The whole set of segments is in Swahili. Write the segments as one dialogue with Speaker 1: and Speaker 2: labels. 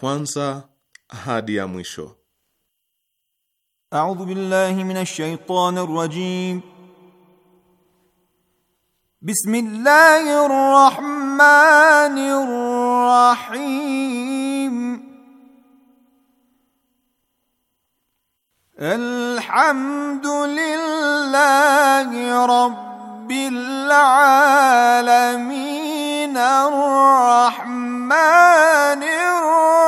Speaker 1: kwanza hadi ya mwisho.
Speaker 2: A'udhu billahi minash shaitani rrajim. Bismillahir rahmanir rahim. Alhamdulillahi rabbil alamin arrahmanir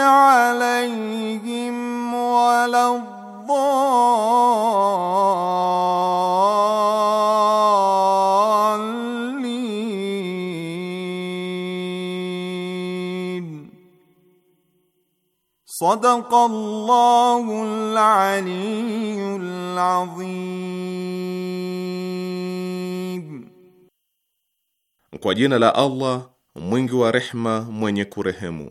Speaker 2: عليهم ولا الضالين صدق الله العلي العظيم
Speaker 3: Kwa jina la Allah
Speaker 1: mwingi wa rehma mwenye kurehemu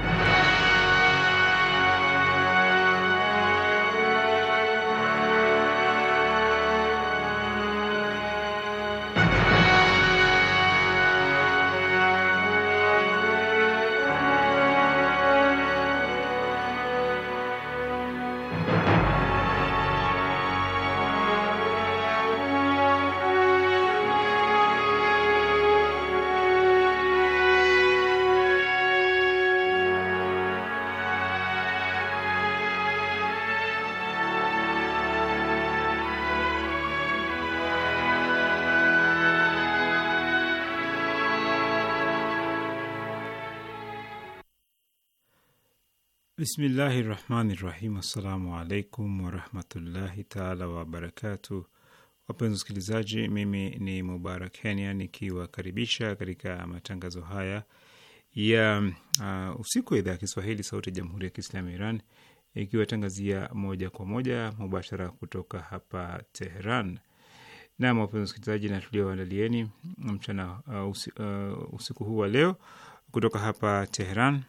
Speaker 1: Bismillahi rahmani rahim. Assalamu alaikum warahmatullahi taala wabarakatu. Wapenzi wasikilizaji, mimi ni Mubarak Kenya nikiwakaribisha katika matangazo haya ya uh, usiku wa idhaa ya Kiswahili sauti ya jamhuri ya Kiislamu ya Iran ikiwatangazia moja kwa moja mubashara kutoka hapa Teheran. Nam, wapenzi wasikilizaji, na tulioandalieni mchana uh, usi, uh, usiku huu wa leo kutoka hapa Teheran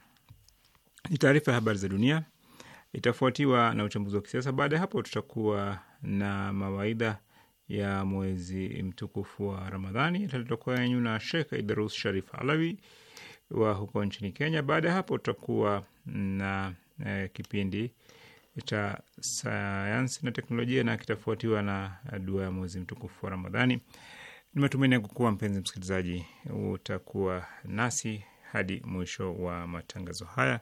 Speaker 1: ni taarifa ya habari za dunia, itafuatiwa na uchambuzi wa kisiasa. Baada ya hapo, tutakuwa na mawaidha ya mwezi mtukufu wa Ramadhani yataletwa kwenyu na Shekh Idrus Sharif Alawi wa huko nchini Kenya. Baada ya hapo, tutakuwa na eh, kipindi cha sayansi na teknolojia na kitafuatiwa na dua ya mwezi mtukufu wa Ramadhani. Ni matumaini yangu kuwa mpenzi msikilizaji utakuwa nasi hadi mwisho wa matangazo haya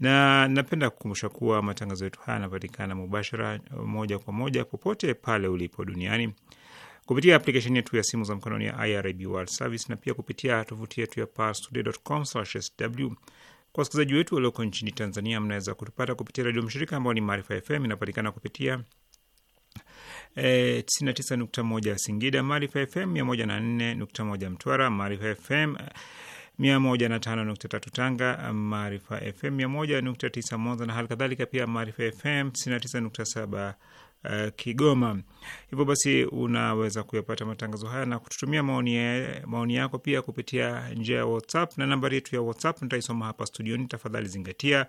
Speaker 1: na napenda kukumbusha kuwa matangazo yetu haya yanapatikana mubashara, moja kwa moja, popote pale ulipo duniani kupitia aplikesheni yetu ya simu za mkononi ya IRIB World Service na pia kupitia tovuti yetu ya parstoday.com/sw. Kwa wasikilizaji wetu walioko nchini Tanzania, mnaweza kutupata kupitia redio mshirika ambao ni Maarifa FM, inapatikana kupitia 99.1 eh, Singida, Maarifa FM 104.1 Mtwara, Maarifa FM 105.3 Tanga, Maarifa FM 101.9 Mwanza na hali kadhalika pia Maarifa FM 99.7 uh, Kigoma. Hivyo basi unaweza kuyapata matangazo haya na kututumia maoni, maoni yako pia kupitia njia ya WhatsApp na nambari yetu ya WhatsApp nitaisoma hapa studioni. Tafadhali zingatia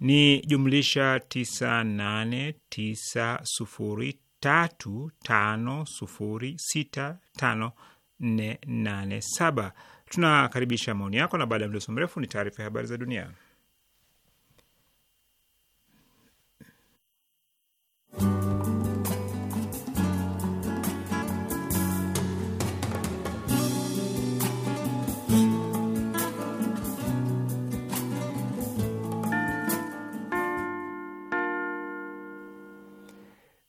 Speaker 1: ni jumlisha 989035065487 Tunakaribisha maoni yako, na baada ya mdoso mrefu ni taarifa ya habari za dunia.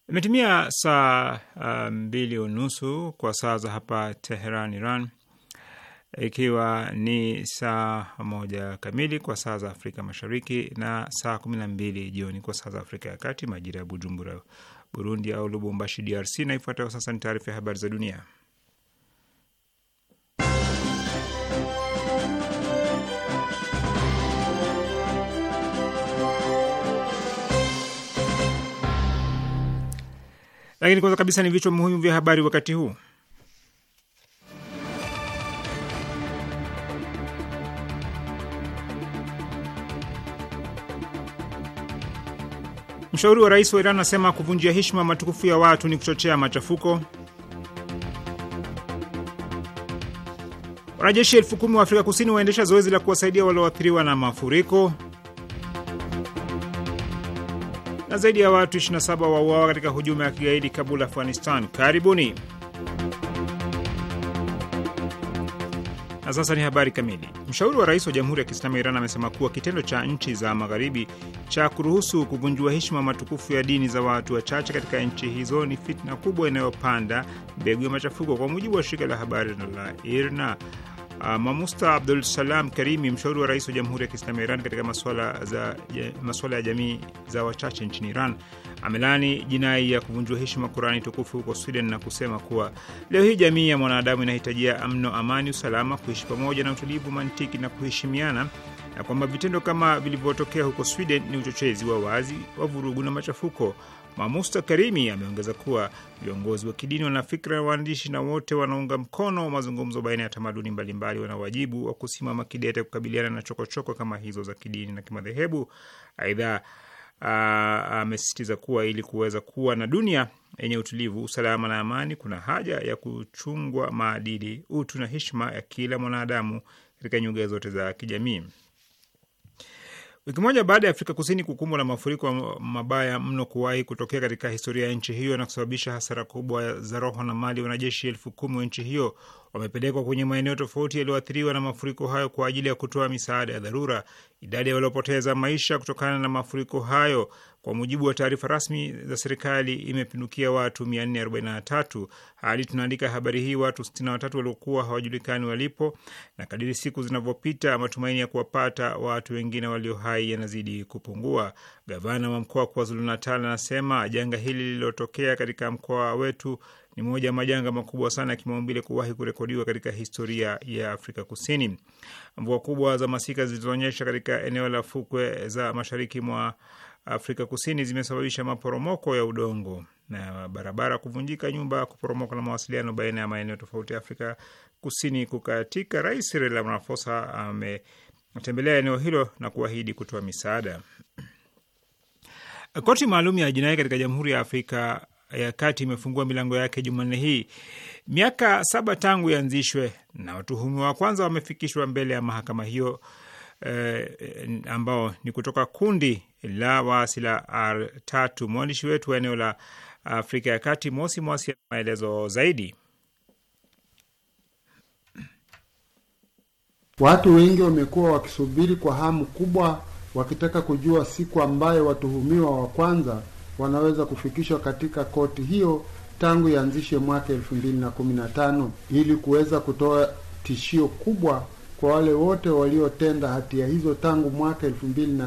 Speaker 1: Imetimia saa ah, mbili um, unusu kwa saa za hapa Teheran, Iran ikiwa ni saa moja kamili kwa saa za Afrika Mashariki na saa kumi na mbili jioni kwa saa za Afrika ya Kati, majira ya Bujumbura Burundi au Lubumbashi DRC. Na ifuatayo sasa ni taarifa ya habari za dunia. Lakini kwanza kabisa ni vichwa muhimu vya habari wakati huu. Mshauri wa rais wa Iran anasema kuvunjia heshima matukufu ya watu ni kuchochea machafuko. Wanajeshi elfu kumi wa Afrika Kusini waendesha zoezi la kuwasaidia walioathiriwa na mafuriko. Na zaidi ya watu 27 wauawa katika hujuma ya kigaidi Kabul, Afghanistan. Karibuni. Na sasa ni habari kamili. Mshauri wa rais wa Jamhuri ya Kiislamu ya Iran amesema kuwa kitendo cha nchi za Magharibi cha kuruhusu kuvunjua heshima matukufu ya dini za watu wachache katika nchi hizo ni fitna kubwa inayopanda mbegu ya machafuko. Kwa mujibu wa shirika la habari la IRNA, ah, Mamusta Abdul Salam Karimi, mshauri wa rais wa Jamhuri ya Kiislamu ya Iran katika masuala za masuala ya jamii za wachache nchini Iran, amelani jinai ya kuvunjwa heshima Kurani tukufu huko Sweden na kusema kuwa leo hii jamii ya mwanadamu inahitajia amno amani, usalama, kuishi pamoja na utulivu, mantiki na kuheshimiana, na kwamba vitendo kama vilivyotokea huko Sweden ni uchochezi wa wazi wa vurugu na machafuko. Mamusta Karimi ameongeza kuwa viongozi wa kidini, wanafikra, waandishi na wote wanaunga mkono mazungumzo baina ya tamaduni mbalimbali, wana wajibu wa kusimama kidete kukabiliana na chokochoko choko kama hizo za kidini na kimadhehebu. Aidha, amesisitiza kuwa ili kuweza kuwa na dunia yenye utulivu, usalama na amani, kuna haja ya kuchungwa maadili, utu na heshima ya kila mwanadamu katika nyuga zote za kijamii. Wiki moja baada ya Afrika Kusini kukumbwa na mafuriko mabaya mno kuwahi kutokea katika historia ya nchi hiyo na kusababisha hasara kubwa za roho na mali, wanajeshi elfu kumi wa nchi hiyo wamepelekwa kwenye maeneo tofauti yaliyoathiriwa na mafuriko hayo kwa ajili ya kutoa misaada ya dharura. Idadi ya waliopoteza maisha kutokana na mafuriko hayo, kwa mujibu wa taarifa rasmi za serikali, imepindukia watu 443 hadi tunaandika habari hii. Watu 63 waliokuwa hawajulikani walipo, na kadiri siku zinavyopita, matumaini ya kuwapata watu wengine walio hai yanazidi kupungua. Gavana wa mkoa wa KwaZulu Natal anasema janga hili lililotokea katika mkoa wetu ni moja ya majanga makubwa sana ya kimaumbile kuwahi kurekodiwa katika historia ya Afrika Kusini. Mvua kubwa za masika zilizoonyesha katika eneo la fukwe za mashariki mwa Afrika Kusini zimesababisha maporomoko ya udongo na barabara kuvunjika, nyumba kuporomoka na mawasiliano baina ya maeneo tofauti ya Afrika Kusini kukatika. Rais Cyril Ramaphosa ametembelea eneo hilo na kuahidi kutoa misaada. Koti maalum ya jinai katika Jamhuri ya Afrika ya Kati imefungua milango yake Jumanne hii, miaka saba tangu ianzishwe, na watuhumiwa wa kwanza wamefikishwa mbele ya mahakama hiyo eh, ambao ni kutoka kundi la waasi la R3. Mwandishi wetu wa eneo la Afrika ya Kati Mosi Mwasi ana maelezo zaidi.
Speaker 4: Watu wengi wamekuwa wakisubiri kwa hamu kubwa, wakitaka kujua siku ambayo watuhumiwa wa kwanza wanaweza kufikishwa katika koti hiyo tangu ianzishe mwaka tano ili kuweza kutoa tishio kubwa kwa wale wote waliotenda hatia hizo tangu mwaka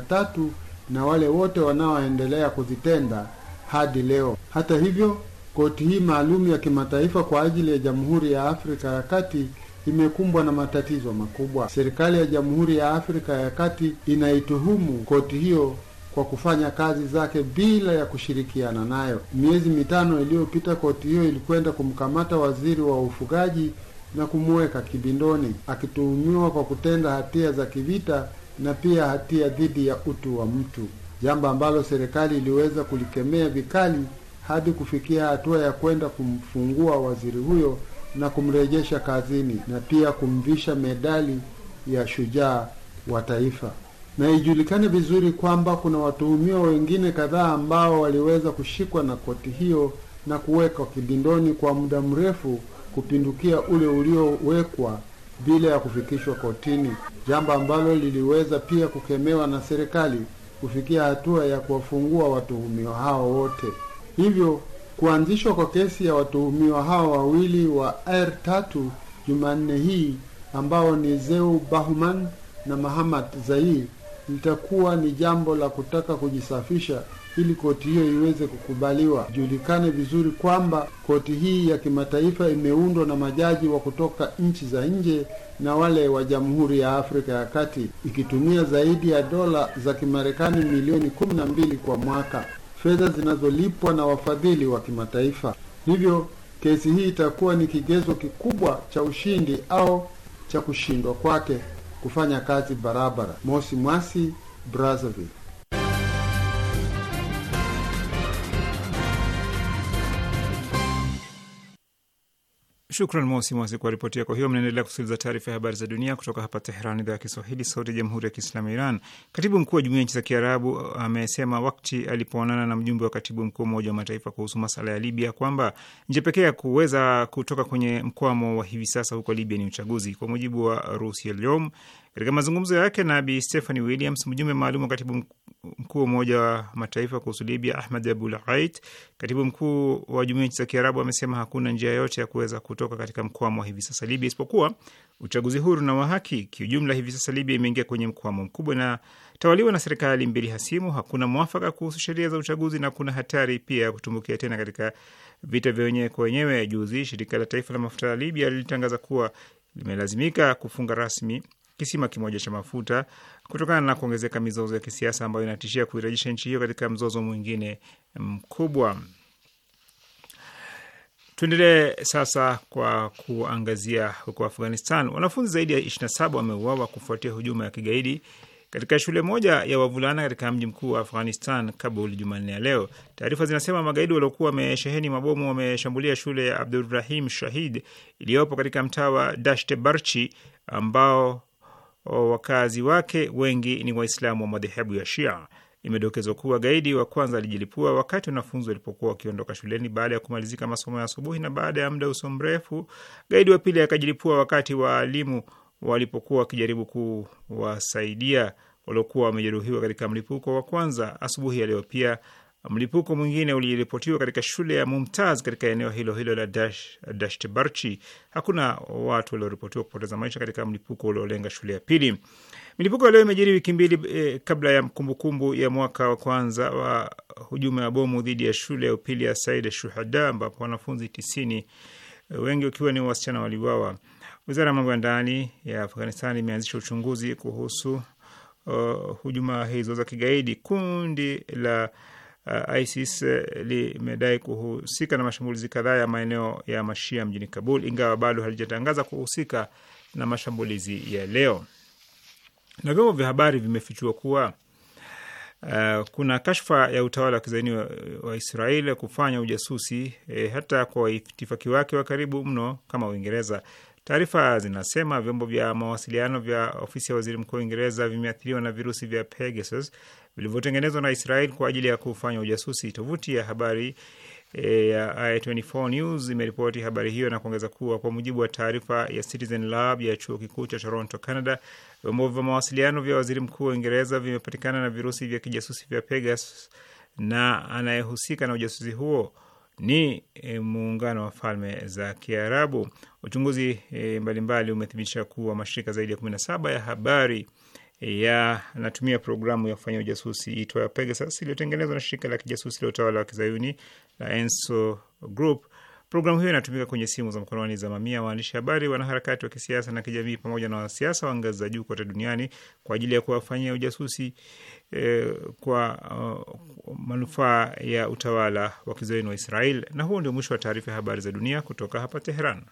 Speaker 4: tatu na wale wote wanaoendelea kuzitenda hadi leo. Hata hivyo, koti hii maalum ya kimataifa kwa ajili ya Jamhuri ya Afrika ya Kati imekumbwa na matatizo makubwa. Serikali ya Jamhuri ya Afrika ya Kati inaituhumu koti hiyo kwa kufanya kazi zake bila ya kushirikiana nayo. Miezi mitano iliyopita, koti hiyo ilikwenda kumkamata waziri wa ufugaji na kumuweka kibindoni akituhumiwa kwa kutenda hatia za kivita na pia hatia dhidi ya utu wa mtu, jambo ambalo serikali iliweza kulikemea vikali hadi kufikia hatua ya kwenda kumfungua waziri huyo na kumrejesha kazini na pia kumvisha medali ya shujaa wa taifa na ijulikane vizuri kwamba kuna watuhumiwa wengine kadhaa ambao waliweza kushikwa na koti hiyo na kuwekwa kibindoni kwa muda mrefu kupindukia ule uliowekwa bila ya kufikishwa kotini, jambo ambalo liliweza pia kukemewa na serikali kufikia hatua ya kuwafungua watuhumiwa hao wote. Hivyo kuanzishwa kwa kesi ya watuhumiwa hao wawili wa R3 Jumanne hii ambao ni Zeu Bahuman na Mahamad Zair litakuwa ni jambo la kutaka kujisafisha ili koti hiyo iweze kukubaliwa. Ijulikane vizuri kwamba koti hii ya kimataifa imeundwa na majaji wa kutoka nchi za nje na wale wa Jamhuri ya Afrika ya Kati, ikitumia zaidi ya dola za Kimarekani milioni kumi na mbili kwa mwaka, fedha zinazolipwa na wafadhili wa kimataifa. Hivyo kesi hii itakuwa ni kigezo kikubwa cha ushindi au cha kushindwa kwake kufanya kazi barabara. Moshi Mwasi, Brazzaville.
Speaker 1: Shukran Mosi Mwasi kwa ripoti yako hiyo. Mnaendelea kusikiliza taarifa ya habari za dunia kutoka hapa Teheran, idhaa ya Kiswahili, sauti ya jamhuri ya kiislamu ya Iran. Katibu mkuu wa jumuiya nchi za Kiarabu amesema wakti alipoonana na mjumbe wa katibu mkuu wa Umoja wa Mataifa kuhusu masala ya Libya kwamba njia pekee ya kuweza kutoka kwenye mkwamo wa hivi sasa huko Libya ni uchaguzi. Kwa mujibu wa Rusia Lyom, katika mazungumzo yake na Bi Stephanie Williams, mjumbe maalum wa katibu mkuu wa Umoja wa Mataifa kuhusu Libya Ahmad Abul Ait, katibu mkuu wa Jumuia ya nchi za Kiarabu, amesema hakuna njia yoyote ya kuweza kutoka katika mkwamo wa hivi sasa Libya isipokuwa uchaguzi huru na wa haki. Kiujumla, hivi sasa Libya imeingia kwenye mkwamo mkubwa na tawaliwa na serikali mbili hasimu. Hakuna mwafaka kuhusu sheria za uchaguzi na kuna hatari pia ya kutumbukia tena katika vita vya wenyewe kwa wenyewe. Juzi shirika la taifa la mafuta la Libya lilitangaza kuwa limelazimika kufunga rasmi kisima kimoja cha mafuta kutokana na kuongezeka mizozo ya kisiasa ambayo inatishia kuirejesha nchi hiyo katika mzozo mwingine mkubwa. Tuendelee sasa kwa kuangazia huko Afghanistan. Wanafunzi zaidi ya 27 wameuawa kufuatia hujuma ya kigaidi katika shule moja ya wavulana katika mji mkuu wa Afghanistan, Kabul, Jumanne ya leo. Taarifa zinasema magaidi waliokuwa wamesheheni mabomu wameshambulia shule ya Abdurrahim Shahid iliyopo katika mtaa wa Dashte Barchi ambao wakazi wake wengi ni Waislamu wa madhehebu ya Shia. Imedokezwa kuwa gaidi wa kwanza alijilipua wakati wanafunzi walipokuwa wakiondoka shuleni baada ya kumalizika masomo ya asubuhi, na baada ya muda uso mrefu gaidi wa pili akajilipua wakati waalimu walipokuwa wakijaribu kuwasaidia waliokuwa wamejeruhiwa katika mlipuko wa kwanza asubuhi ya leo. Pia Mlipuko mwingine uliripotiwa katika shule ya Mumtaz katika eneo hilo hilo la Dash, Dashtbarchi. Hakuna watu walioripotiwa kupoteza maisha katika mlipuko uliolenga shule ya pili. Milipuko ya leo imejiri wiki mbili e, kabla ya kumbukumbu ya mwaka wa kwanza wa hujuma ya bomu dhidi ya shule ya upili ya Said Shuhada ambapo wanafunzi tisini eh, wengi wakiwa ni wasichana waliuawa. Wizara ya mambo ya ndani ya Afghanistan imeanzisha uchunguzi kuhusu uh, hujuma hizo za kigaidi. Kundi la uh, ISIS uh, limedai kuhusika na mashambulizi kadhaa ya maeneo ya mashia mjini Kabul, ingawa bado halijatangaza kuhusika na mashambulizi ya leo. Na vyombo vya habari vimefichua kuwa uh, kuna kashfa ya utawala wa kizaini wa, wa Israeli kufanya ujasusi eh, hata kwa waitifaki wake wa karibu mno kama Uingereza. Taarifa zinasema vyombo vya mawasiliano vya ofisi ya waziri mkuu wa Uingereza vimeathiriwa na virusi vya Pegasus vilivyotengenezwa na Israel kwa ajili ya kufanya ujasusi. Tovuti ya habari e, ya I24 News imeripoti habari hiyo na kuongeza kuwa kwa mujibu wa taarifa ya Citizen Lab ya chuo kikuu cha Toronto, Canada, vyombo vya mawasiliano vya waziri mkuu wa Uingereza vimepatikana na virusi vya kijasusi vya Pegasus na anayehusika na ujasusi huo ni e, muungano wa falme za Kiarabu. Uchunguzi e, mbalimbali umethibitisha kuwa mashirika zaidi ya 17 ya habari yanatumia programu ya kufanya ujasusi iitwayo Pegasus iliyotengenezwa na shirika la kijasusi la utawala wa kizayuni la Enso Group. Programu hiyo inatumika kwenye simu za mkononi za mamia waandishi habari, wanaharakati wa kisiasa na kijamii, pamoja na wanasiasa wa ngazi za juu kote duniani kwa ajili ya kuwafanyia ujasusi eh, kwa uh, manufaa ya utawala wa kizayuni wa Israel. Na huo ndio mwisho wa taarifa ya habari za dunia kutoka hapa Teheran.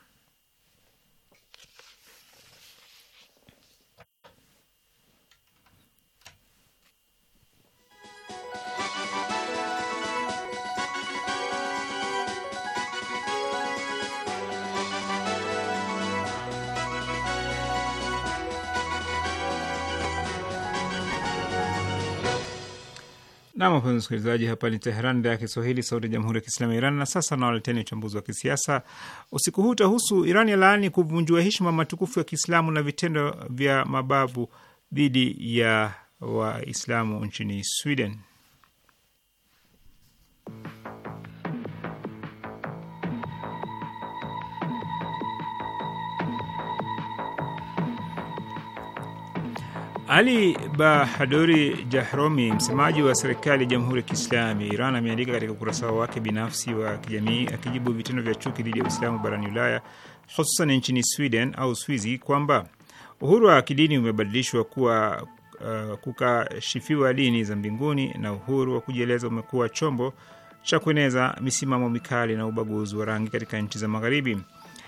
Speaker 1: Nam, wapenzi msikilizaji, hapa ni Teheran, idhaa ya Kiswahili, sauti ya jamhuri ya kiislamu ya Iran. Na sasa nawaleteni uchambuzi wa kisiasa usiku huu, utahusu Iran ya laani kuvunjua heshima matukufu ya Kiislamu na vitendo vya mabavu dhidi ya Waislamu nchini Sweden. Ali Bahadori Jahromi, msemaji wa serikali ya Jamhuri ya Kiislamu ya Iran, ameandika katika ukurasa wake binafsi wa kijamii akijibu vitendo vya chuki dhidi ya Uislamu barani Ulaya, hususan nchini Sweden au Swizi, kwamba uhuru wa kidini umebadilishwa kuwa uh, kukashifiwa dini za mbinguni na uhuru wa kujieleza umekuwa chombo cha kueneza misimamo mikali na ubaguzi wa rangi katika nchi za Magharibi.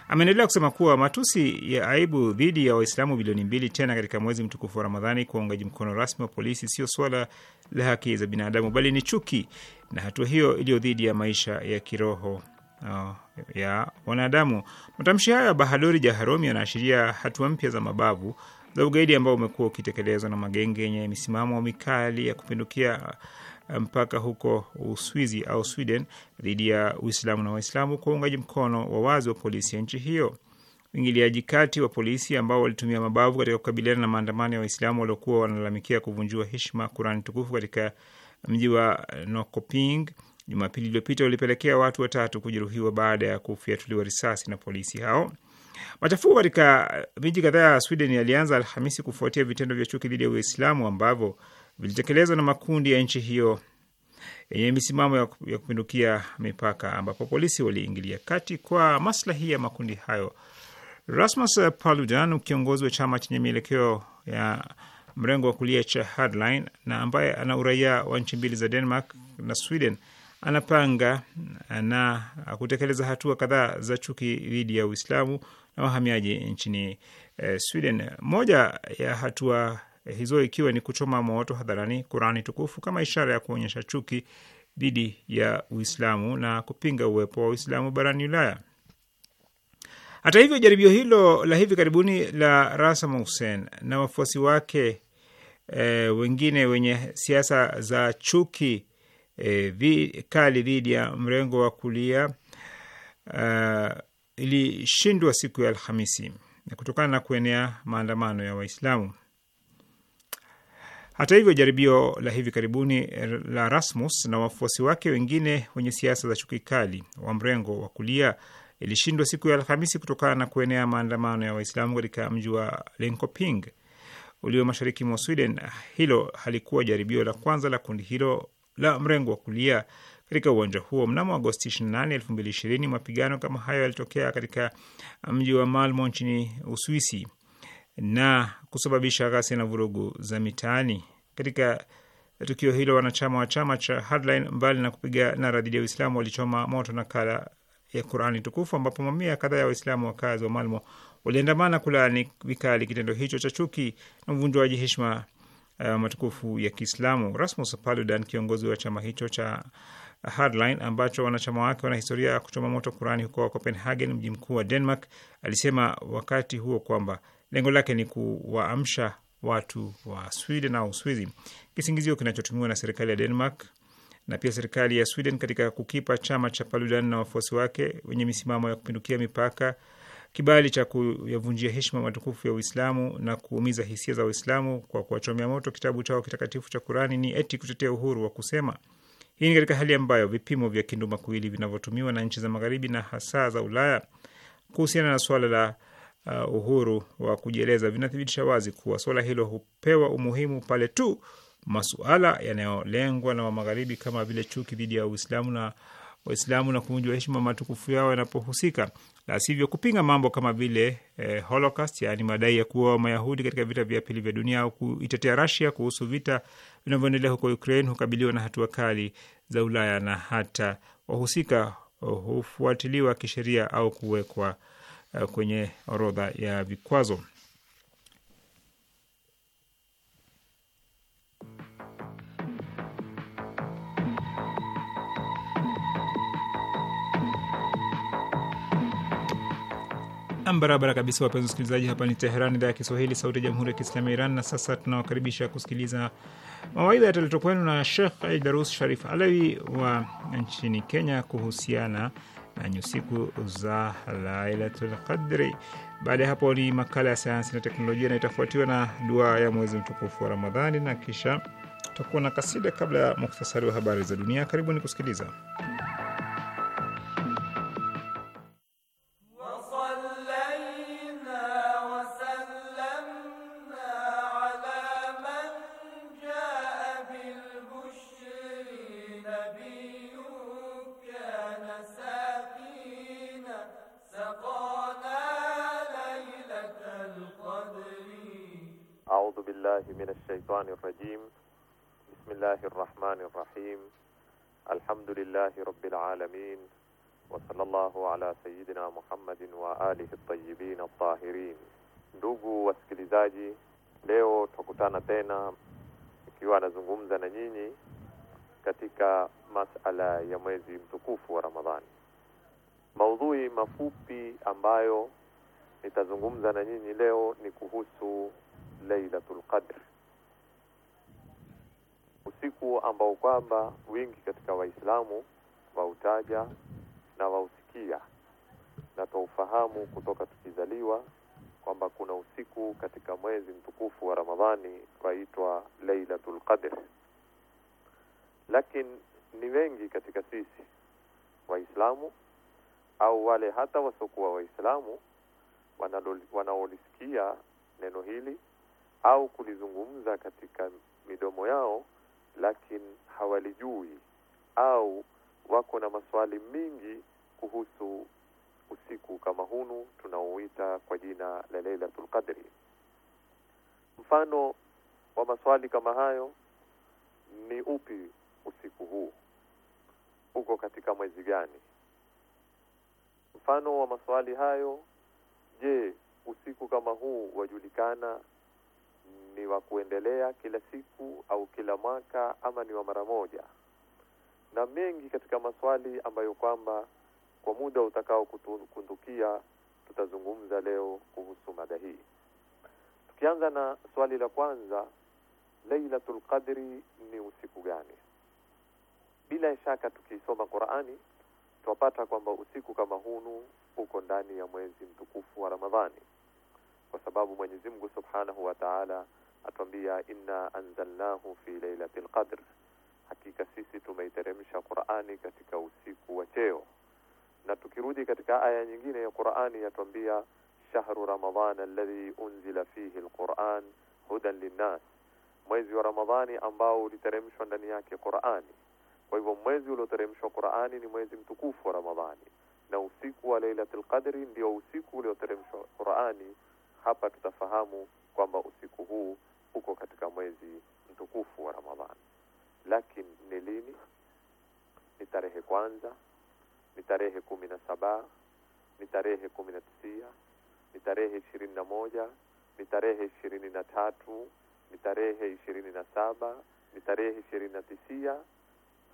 Speaker 1: Ameendelea kusema kuwa matusi ya aibu dhidi ya Waislamu bilioni mbili tena katika mwezi mtukufu wa Ramadhani kwa uungaji mkono rasmi wa polisi sio suala la haki za binadamu, bali ni chuki na hatua hiyo iliyo dhidi ya maisha ya kiroho oh, ya wanadamu. Matamshi hayo ya Bahadori Jaharomi yanaashiria hatua mpya za mabavu za ugaidi ambao umekuwa ukitekelezwa na magenge yenye misimamo mikali ya kupindukia mpaka huko Uswizi au Sweden dhidi ya Uislamu na Waislamu kwa uungaji mkono wa wazi wa polisi ya nchi hiyo. Uingiliaji kati wa polisi ambao walitumia mabavu katika kukabiliana na maandamano ya Waislamu waliokuwa wanalalamikia kuvunjiwa heshima Kurani tukufu katika mji wa Nokoping Jumapili iliyopita walipelekea watu watatu kujeruhiwa baada ya kufyatuliwa risasi na polisi hao. Machafuko katika miji kadhaa ya Sweden yalianza Alhamisi kufuatia vitendo vya chuki dhidi ya Uislamu ambavyo vilitekelezwa na makundi ya nchi hiyo yenye misimamo ya kupindukia mipaka, ambapo polisi waliingilia kati kwa maslahi ya makundi hayo. Rasmus Paludan, kiongozi wa chama chenye mielekeo ya mrengo wa kulia cha hardline na ambaye ana uraia wa nchi mbili za Denmark na Sweden, anapanga na kutekeleza hatua kadhaa za chuki dhidi ya Uislamu na wahamiaji nchini eh, Sweden. Moja ya hatua Eh, hizo ikiwa ni kuchoma moto hadharani Kurani tukufu kama ishara ya kuonyesha chuki dhidi ya Uislamu na kupinga uwepo wa Uislamu barani Ulaya. Hata hivyo, jaribio hilo la hivi karibuni la Rasam Hussein na wafuasi wake e, wengine wenye siasa za chuki e, vi, kali dhidi ya mrengo wa kulia ilishindwa siku ya Alhamisi kutokana na kuenea maandamano ya Waislamu. Hata hivyo, jaribio la hivi karibuni eh, la Rasmus na wafuasi wake wengine wenye siasa za chuki kali wa mrengo wa kulia ilishindwa siku ya Alhamisi kutokana na kuenea maandamano ya Waislamu katika mji wa Linkoping ulio mashariki mwa Sweden. Hilo halikuwa jaribio la kwanza la kundi hilo la mrengo wa kulia katika uwanja huo. Mnamo Agosti 28, 2020 mapigano kama hayo yalitokea katika mji wa Malmo nchini Uswisi na kusababisha ghasia na vurugu za mitaani. Katika tukio hilo, wanachama wa chama cha Hardline, mbali na kupiga nara dhidi ya Uislamu, walichoma moto nakala ya Qurani tukufu, ambapo mamia kadhaa ya Waislamu wakazi wa Malmo waliandamana kulaani vikali kitendo hicho cha chuki na uvunjwaji heshima uh, matukufu ya Kiislamu. Rasmus Paludan, kiongozi wa chama hicho cha Hardline ambacho wanachama wake wana historia ya kuchoma moto Qurani huko Copenhagen, mji mkuu wa Denmark, alisema wakati huo kwamba lengo lake ni kuwaamsha watu wa Sweden au Uswizi, kisingizio kinachotumiwa na serikali ya Denmark na pia serikali ya Sweden katika kukipa chama cha Paludan na wafuasi wake wenye misimamo ya kupindukia mipaka kibali cha kuyavunjia heshima matukufu ya Uislamu na kuumiza hisia za uislamu kwa kuwachomea moto kitabu chao kitakatifu cha Kurani. Ni eti kutetea uhuru wa kusema. Hii ni katika hali ambayo vipimo vya kindumakuwili vinavyotumiwa na nchi za Magharibi na hasa za Ulaya kuhusiana na suala la uh, uhuru wa kujieleza vinathibitisha wazi kuwa suala hilo hupewa umuhimu pale tu masuala yanayolengwa na Wamagharibi kama vile chuki dhidi ya Uislamu na Waislamu na kuvunjwa heshima matukufu yao yanapohusika, la sivyo kupinga mambo kama vile eh, Holocaust, yaani madai ya kuwa Mayahudi katika vita vya pili vya dunia, au kuitetea rasia kuhusu vita vinavyoendelea huko Ukraine hukabiliwa na hatua kali za Ulaya na hata wahusika hufuatiliwa kisheria au kuwekwa Eh, kwenye orodha ya vikwazo. Barabara kabisa, wapenzi wasikilizaji, hapa ni Teheran, idhaa ya Kiswahili, sauti ya jamhuri ya kiislamu ya Iran. Na sasa tunawakaribisha kusikiliza mawaidha yataletwa kwenu na Shekh Aidarus Sharif Alawi wa nchini Kenya kuhusiana nanyi usiku za Lailatul Qadri. Baada ya hapo ni makala ya sayansi na teknolojia, na itafuatiwa na dua ya mwezi mtukufu wa Ramadhani, na kisha tutakuwa na kasida kabla ya muktasari wa habari za dunia. Karibuni kusikiliza.
Speaker 3: بالله من الشيطان الرجيم بسم الله الرحمن الرحيم الحمد لله رب العالمين وصلى الله على سيدنا محمد وآله الطيبين الطاهرين ndugu wasikilizaji leo tukutana tena ikiwa anazungumza na nyinyi katika masala ya mwezi mtukufu wa ramadhani maudhui mafupi ambayo nitazungumza na nyinyi leo ni kuhusu Lailatul Qadr, usiku ambao kwamba wingi katika Waislamu wautaja na wausikia na twaufahamu kutoka tukizaliwa kwamba kuna usiku katika mwezi mtukufu wa Ramadhani waitwa Lailatul Qadr, lakini ni wengi katika sisi Waislamu au wale hata wasiokuwa Waislamu wanaolisikia neno hili au kulizungumza katika midomo yao, lakini hawalijui au wako na maswali mengi kuhusu usiku kama hunu tunaouita kwa jina la Lailatul Qadri. Mfano wa maswali kama hayo ni upi? Usiku huu uko katika mwezi gani? Mfano wa maswali hayo, je, usiku kama huu wajulikana ni wa kuendelea kila siku au kila mwaka ama ni wa mara moja, na mengi katika maswali ambayo kwamba kwa muda utakaokundukia tutazungumza leo kuhusu mada hii. Tukianza na swali la kwanza, Lailatul Qadri ni usiku gani? Bila shaka tukisoma Qur'ani twapata kwamba usiku kama hunu uko ndani ya mwezi mtukufu wa Ramadhani kwa sababu Mwenyezi Mungu Subhanahu wa Ta'ala atuambia inna anzalnahu fi lailatil qadr, hakika sisi tumeiteremsha Qur'ani katika usiku wa cheo. Na tukirudi katika aya nyingine ya Qur'ani yatuambia shahru ramadhana alladhi unzila fihi alquran hudan linnas, mwezi wa Ramadhani ambao uliteremshwa ndani yake Qur'ani. Kwa hivyo mwezi ulioteremshwa Qur'ani ni mwezi mtukufu wa Ramadhani, na usiku wa Lailatul Qadri ndio usiku ulioteremshwa Qur'ani hapa tutafahamu kwamba usiku huu uko katika mwezi mtukufu wa Ramadhani. Lakini ni lini? Ni tarehe kwanza, ni tarehe kumi na saba, ni tarehe kumi na tisia, ni tarehe ishirini na moja, ni tarehe ishirini na tatu, ni tarehe ishirini na saba, ni tarehe ishirini na tisia.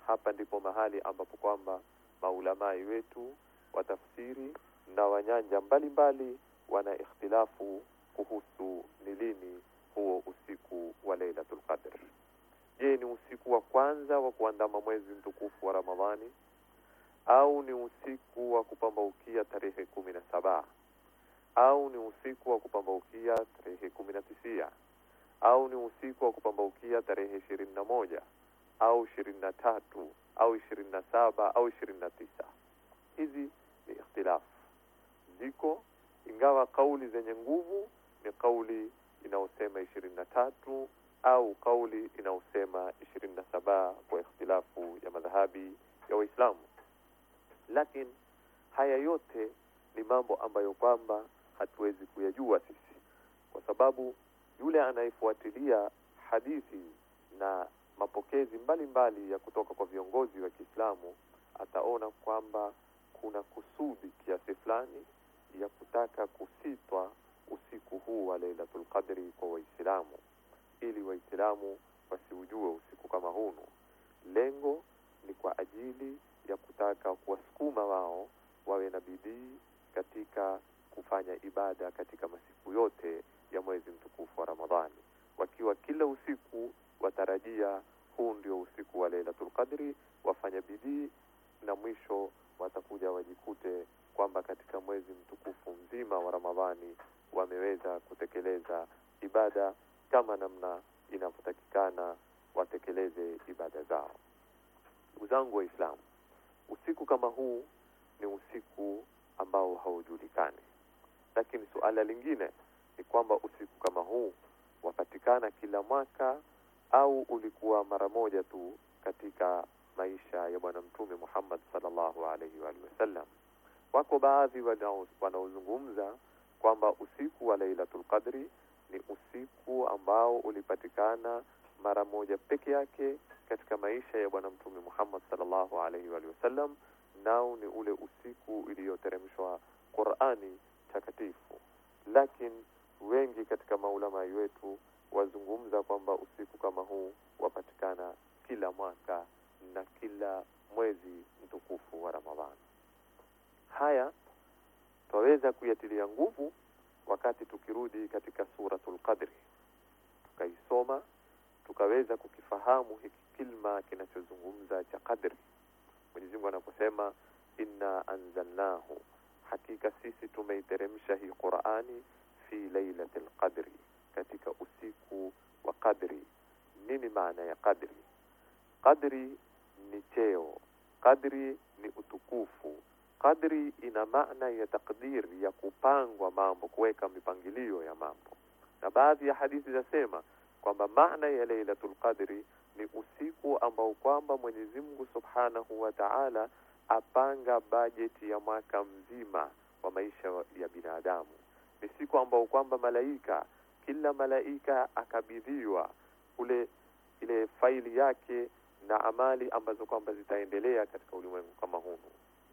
Speaker 3: Hapa ndipo mahali ambapo kwamba maulamai wetu watafsiri na wanyanja mbalimbali mbali, wana ikhtilafu kuhusu ni lini huo usiku wa Lailatul Qadr. Je, ni usiku wa kwanza wa kuandama mwezi mtukufu wa Ramadhani au ni usiku wa kupambaukia tarehe kumi na saba au ni usiku wa kupambaukia tarehe kumi na tisia au ni usiku wa kupambaukia tarehe ishirini na moja au ishirini na tatu au ishirini na saba au ishirini na tisa Hizi ni ikhtilafu ziko ingawa kauli zenye nguvu ni kauli inayosema ishirini na tatu au kauli inayosema ishirini na saba kwa ikhtilafu ya madhahabi ya Waislamu. Lakini haya yote ni mambo ambayo kwamba hatuwezi kuyajua sisi, kwa sababu yule anayefuatilia hadithi na mapokezi mbalimbali mbali ya kutoka kwa viongozi wa Kiislamu ataona kwamba kuna kusudi kiasi fulani ya kutaka kusitwa usiku huu wa Lailatul Qadri kwa Waislamu ili Waislamu wasiujue usiku kama hunu. Lengo ni kwa ajili ya kutaka kuwasukuma wao wawe na bidii katika kufanya ibada katika masiku yote ya mwezi mtukufu wa Ramadhani, wakiwa kila usiku watarajia huu ndio usiku wa Lailatul Qadri, wafanya bidii na mwisho watakuja wajikute kwamba katika mwezi mtukufu mzima wa Ramadhani wameweza kutekeleza ibada kama namna inavyotakikana watekeleze ibada zao. Ndugu zangu Waislamu, usiku kama huu ni usiku ambao haujulikani, lakini suala lingine ni kwamba usiku kama huu wapatikana kila mwaka au ulikuwa mara moja tu katika maisha ya Bwana Mtume Muhammad sallallahu alaihi wa Wako baadhi wanaozungumza kwamba usiku wa Lailatul Qadri ni usiku ambao ulipatikana mara moja peke yake katika maisha ya Bwana Mtume Muhammad sallallahu alaihi wa sallam, nao ni ule usiku iliyoteremshwa Qur'ani takatifu. Lakini wengi katika maulama wetu wazungumza kwamba usiku kama huu wapatikana kila mwaka na kila mwezi mtukufu wa Ramadhani haya twaweza kuyatilia nguvu wakati tukirudi katika suratul qadri tukaisoma tukaweza kukifahamu hiki kilma kinachozungumza cha qadri Mwenyezi Mungu anaposema inna anzalnahu hakika sisi tumeiteremsha hii Qur'ani fi lailatul qadri katika usiku wa qadri nini maana ya qadri qadri ni cheo qadri ni utukufu Qadri ina maana ya takdir ya kupangwa mambo, kuweka mipangilio ya mambo. Na baadhi ya hadithi zinasema kwamba maana ya Lailatul Qadri ni usiku ambao kwamba Mwenyezi Mungu Subhanahu wa Ta'ala apanga bajeti ya mwaka mzima wa maisha ya binadamu. Ni siku ambao kwamba malaika, kila malaika akabidhiwa ule ile faili yake na amali ambazo kwamba zitaendelea katika ulimwengu kama huu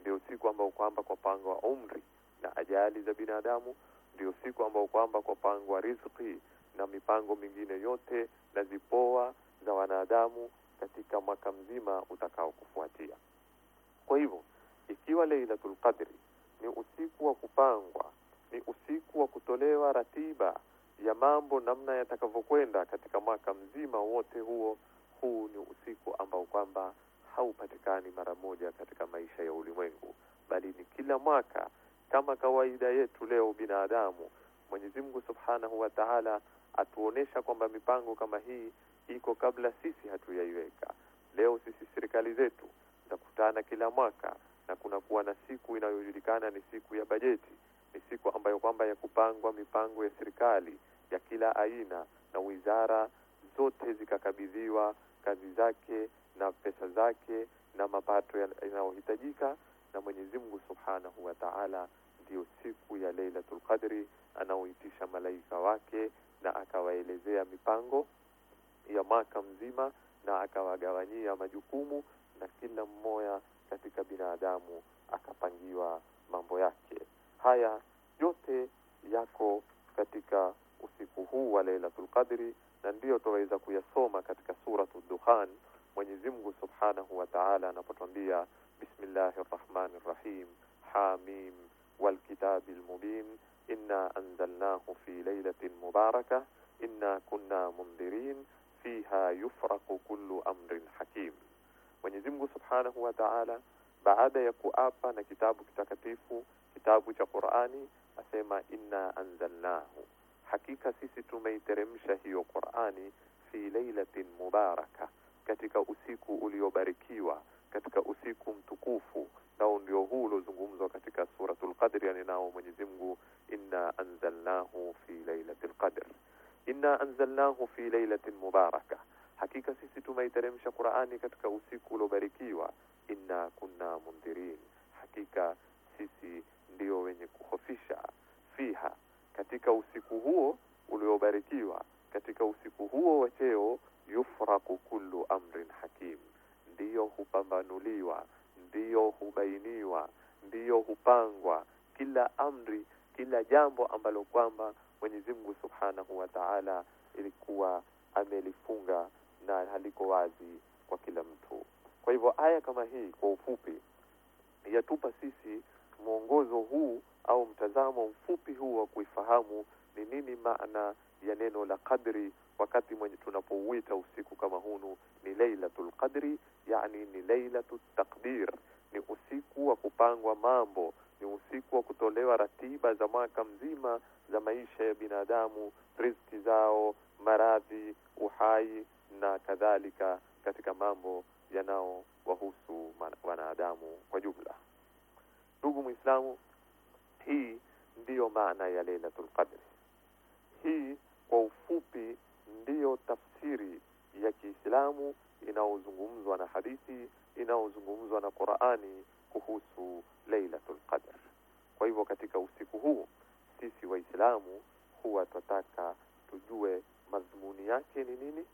Speaker 3: ndio siku ambao kwamba kwa pango wa umri na ajali za binadamu, ndio siku ambao kwamba kwa pango wa riziki na mipango mingine yote na zipoa za wanadamu katika mwaka mzima utakaokufuatia. Kwa hivyo, ikiwa Lailatul Qadri ni usiku wa kupangwa, ni usiku wa kutolewa ratiba ya mambo namna yatakavyokwenda katika mwaka mzima wote huo, huu ni usiku ambao kwamba haupatikani mara moja katika maisha ya ulimwengu, bali ni kila mwaka kama kawaida yetu. Leo binadamu, Mwenyezi Mungu Subhanahu wa Ta'ala atuonesha kwamba mipango kama hii iko kabla sisi hatujaiweka. Leo sisi serikali zetu zakutana kila mwaka na kunakuwa na siku inayojulikana ni siku ya bajeti, ni siku ambayo kwamba ya kupangwa mipango ya serikali ya kila aina, na wizara zote zikakabidhiwa kazi zake na pesa zake na mapato yanayohitajika na Mwenyezi Mungu Subhanahu wa Ta'ala. Ndiyo siku ya Lailatul Qadri anaoitisha malaika wake na akawaelezea mipango ya mwaka mzima na akawagawanyia majukumu, na kila mmoja katika binadamu akapangiwa mambo yake. Haya yote yako katika usiku huu wa Lailatul Qadri, na ndiyo tunaweza kuyasoma katika suratu Dukhan. Mwenyezi Mungu Subhanahu wa Ta'ala anapotwambia bismillahir Rahmanir rahim hamim wal kitabil mubin inna anzalnahu fi laylatin mubarakah inna kunna mundhirin fiha yufraqu kullu amrin hakim. Mwenyezi Mungu Subhanahu wa Ta'ala baada ya kuapa na kitabu kitakatifu kitabu cha Qur'ani asema inna anzalnahu, hakika sisi tumeiteremsha hiyo Qur'ani fi lailatin mubarakah katika usiku uliobarikiwa katika usiku mtukufu nao ndio huu uliozungumzwa katika suratul qadri yani nao Mwenyezi Mungu inna anzalnahu fi lailatil qadr inna anzalnahu fi lailatin mubaraka hakika sisi tumeiteremsha Qur'ani katika usiku uliobarikiwa inna kunna mundhirin hakika sisi ndio wenye kuhofisha fiha katika usiku huo uliobarikiwa katika usiku huo wa cheo yufraku kullu amrin hakim, ndiyo hupambanuliwa, ndiyo hubainiwa, ndiyo hupangwa kila amri, kila jambo ambalo kwamba Mwenyezi Mungu Subhanahu wa Ta'ala ilikuwa amelifunga na haliko wazi kwa kila mtu. Kwa hivyo aya kama hii kwa ufupi yatupa sisi mwongozo huu au mtazamo mfupi huu wa kuifahamu ni nini maana ya neno la kadri wakati mwenye tunapouita usiku kama hunu ni lailatul qadri, yani ni lailatul taqdir, ni usiku wa kupangwa mambo, ni usiku wa kutolewa ratiba za mwaka mzima za maisha ya binadamu, riziki zao, maradhi, uhai na kadhalika, katika mambo yanao wahusu wanadamu kwa jumla. Ndugu Muislamu, hii ndiyo maana ya lailatul qadri. Hii kwa ufupi ndiyo tafsiri ya Kiislamu inayozungumzwa na hadithi inayozungumzwa na Qur'ani kuhusu Lailatul Qadr. Kwa hivyo katika usiku huu sisi Waislamu huwa twataka tujue madhumuni yake ni nini.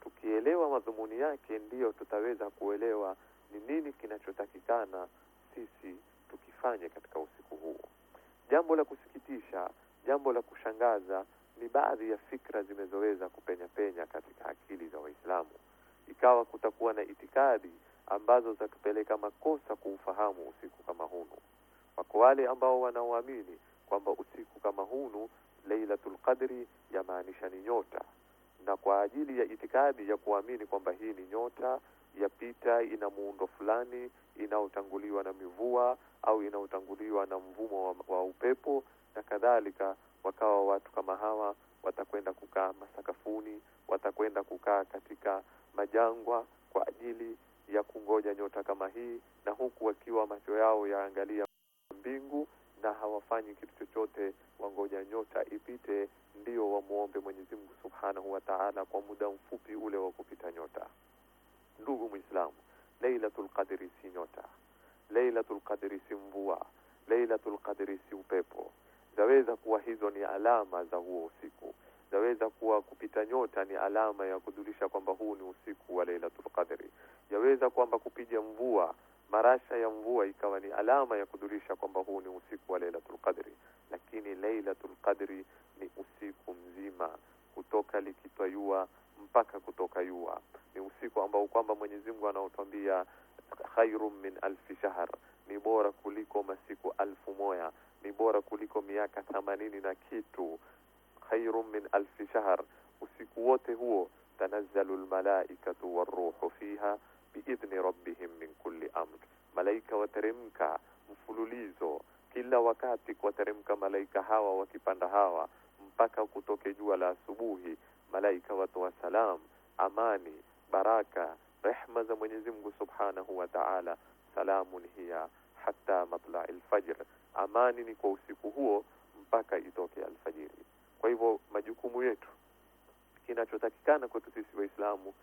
Speaker 3: Tukielewa madhumuni yake, ndiyo tutaweza kuelewa ni nini kinachotakikana sisi tukifanye katika usiku huu. Jambo la kusikitisha, jambo la kushangaza ni baadhi ya fikra zimezoweza kupenya penya katika akili za Waislamu, ikawa kutakuwa na itikadi ambazo zakipeleka makosa kuufahamu usiku kama hunu. Wako wale ambao wanaoamini kwamba usiku kama hunu Lailatul Qadri yamaanisha ni nyota, na kwa ajili ya itikadi ya kuamini kwamba hii ni nyota yapita, ina muundo fulani inayotanguliwa na mivua au inayotanguliwa na mvumo wa, wa upepo na kadhalika wakawa watu kama hawa watakwenda kukaa masakafuni, watakwenda kukaa katika majangwa kwa ajili ya kungoja nyota kama hii, na huku wakiwa macho yao yaangalia mbingu na hawafanyi kitu chochote, wangoja nyota ipite, ndio wamwombe Mwenyezi Mungu Subhanahu wa Ta'ala kwa muda mfupi ule wa kupita nyota. Ndugu Muislamu, Lailatul Qadri si nyota, Lailatul Qadri si mvua, Lailatul Qadri si upepo zaweza kuwa hizo ni alama za huo usiku. Zaweza kuwa kupita nyota ni alama ya kudulisha kwamba huu ni usiku wa Lailatul Qadri. Yaweza kwamba kupiga mvua, marasha ya mvua ikawa ni alama ya kudulisha kwamba huu ni usiku wa Lailatul Qadri. Lakini Lailatul Qadri ni usiku mzima kutoka likitwayua mpaka kutoka yua. Ni usiku ambao kwamba Mwenyezi Mungu anaotwambia khairum min alfi shahr, ni bora kuliko masiku alfu moja ni bora kuliko miaka thamanini na kitu khairun min alfi shahr usiku wote huo tanazzalu lmalaikatu waruhu fiha biidhni rabbihim min kulli amr malaika wateremka mfululizo kila wakati kuwateremka malaika hawa wakipanda hawa mpaka kutoke jua la asubuhi malaika watoa salam amani baraka rehma za mwenyezimngu subhanahu wa taala salamun hiya hata matlai lfajr amani ni kwa usiku huo mpaka itoke alfajiri. Kwa hivyo majukumu yetu, kinachotakikana kwetu sisi Waislamu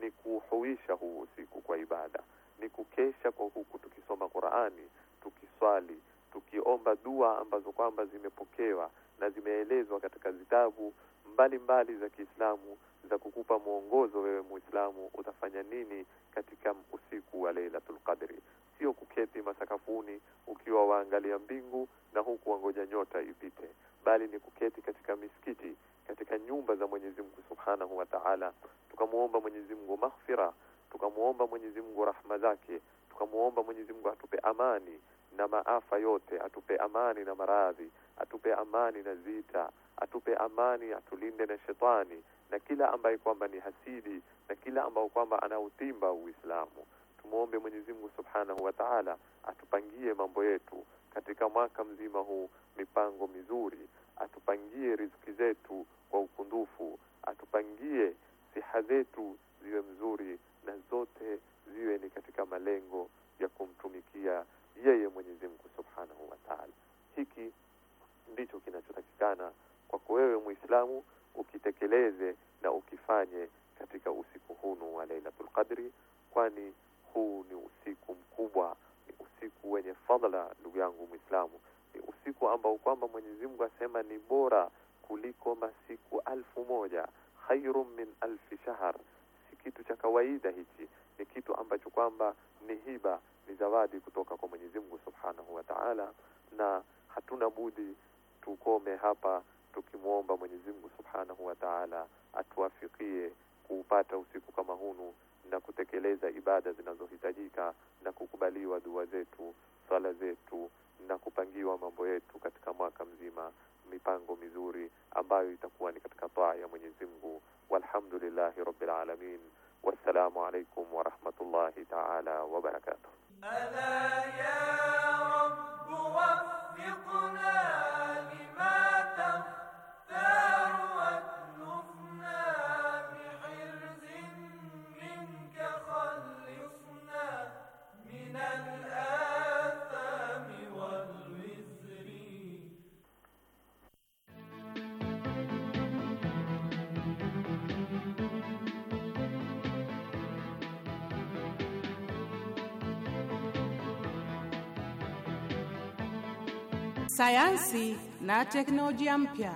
Speaker 3: ni kuhuisha huu usiku kwa ibada, ni kukesha kwa huku tukisoma Qur'ani, tukiswali, tukiomba dua ambazo kwamba zimepokewa na zimeelezwa katika vitabu mbalimbali za Kiislamu za kukupa mwongozo wewe Muislamu utafanya nini katika usiku wa Lailatul Qadri sio kuketi masakafuni ukiwa waangalia mbingu na huku wangoja nyota ipite, bali ni kuketi katika misikiti, katika nyumba za Mwenyezi Mungu Subhanahu wa Ta'ala, tukamwomba Mwenyezi Mungu maghfira, tukamwomba Mwenyezi Mungu rahma zake, tukamwomba Mwenyezi Mungu atupe amani na maafa yote, atupe amani na maradhi, atupe amani na zita, atupe amani, atulinde na shetani na kila ambaye kwamba ni hasidi na kila ambaye kwamba anautimba Uislamu tumwombe Mwenyezi Mungu Subhanahu wa Ta'ala atupangie mambo yetu katika mwaka mzima huu, mipango mizuri, atupangie riziki zetu kwa ukundufu, atupangie siha zetu ziwe mzuri, na zote ziwe ni katika malengo ya kumtumikia yeye Mwenyezi Mungu Subhanahu wa Ta'ala. Hiki ndicho kinachotakikana kwako wewe Muislamu, ukitekeleze na ukifanye katika usiku hunu wa Lailatul Qadri, kwani huu ni usiku mkubwa, ni usiku wenye fadhila, ndugu yangu Mwislamu, ni usiku ambao kwamba Mwenyezi Mungu asema ni bora kuliko masiku alfu moja, khairum min alfi shahr. Si kitu cha kawaida hichi, ni kitu ambacho kwamba ni hiba, ni zawadi kutoka kwa Mwenyezi Mungu Subhanahu wa Ta'ala, na hatuna budi tukome hapa tukimwomba Mwenyezi Mungu Subhanahu wa Ta'ala atuafikie kuupata usiku kama hunu na kutekeleza ibada zinazohitajika na kukubaliwa dua zetu, swala zetu na kupangiwa mambo yetu katika mwaka mzima, mipango mizuri ambayo itakuwa ni katika taa ya Mwenyezi Mungu. Walhamdulillahi Rabbil Alamin, wassalamu alaykum wa ta'ala wabarakatuh
Speaker 5: sayansi na teknolojia mpya.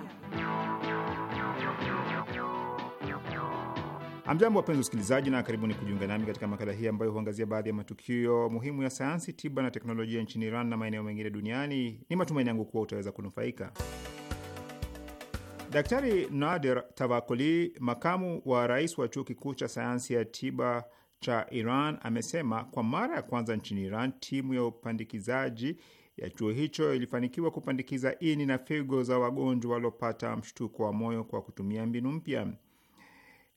Speaker 1: Amjambo, wapenzi usikilizaji na karibuni kujiunga nami katika makala hii ambayo huangazia baadhi ya matukio muhimu ya sayansi, tiba na teknolojia nchini Iran na maeneo mengine duniani. Ni matumaini yangu kuwa utaweza kunufaika. Daktari Nader Tavakoli, makamu wa rais wa chuo kikuu cha sayansi ya tiba cha Iran, amesema kwa mara ya kwanza nchini Iran timu ya upandikizaji ya chuo hicho ilifanikiwa kupandikiza ini na figo za wagonjwa waliopata mshtuko wa moyo kwa kutumia mbinu mpya.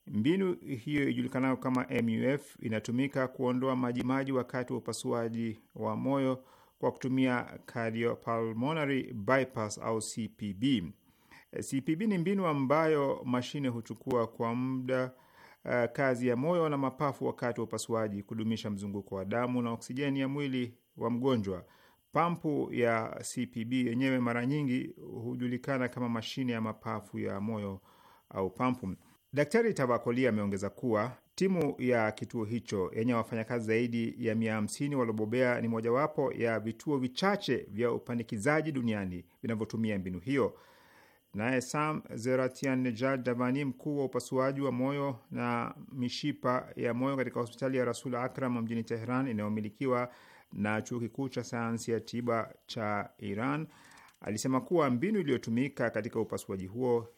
Speaker 1: Mbinu hiyo ijulikanayo kama MUF inatumika kuondoa majimaji wakati wa upasuaji wa moyo kwa kutumia cardiopulmonary bypass au CPB. CPB ni mbinu ambayo mashine huchukua kwa muda uh, kazi ya moyo na mapafu wakati wa upasuaji kudumisha mzunguko wa damu na oksijeni ya mwili wa mgonjwa. Pampu ya CPB yenyewe mara nyingi hujulikana kama mashine ya mapafu ya moyo au pampu. Daktari Tabakoli ameongeza kuwa timu ya kituo hicho yenye wafanyakazi zaidi ya mia hamsini waliobobea ni mojawapo ya vituo vichache vya upandikizaji duniani vinavyotumia mbinu hiyo. Naye Sam Zeratian Nejad Davani, mkuu wa upasuaji wa moyo na mishipa ya moyo katika hospitali ya Rasul Akram mjini Teheran inayomilikiwa na chuo kikuu cha sayansi ya tiba cha Iran alisema kuwa mbinu iliyotumika katika upasuaji huo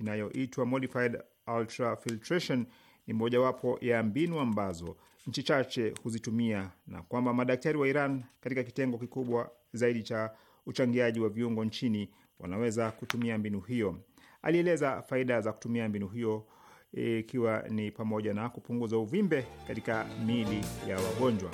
Speaker 1: inayoitwa modified ultrafiltration ni mojawapo ya mbinu ambazo nchi chache huzitumia na kwamba madaktari wa Iran katika kitengo kikubwa zaidi cha uchangiaji wa viungo nchini wanaweza kutumia mbinu hiyo. Alieleza faida za kutumia mbinu hiyo ikiwa e, ni pamoja na kupunguza uvimbe katika miili ya wagonjwa.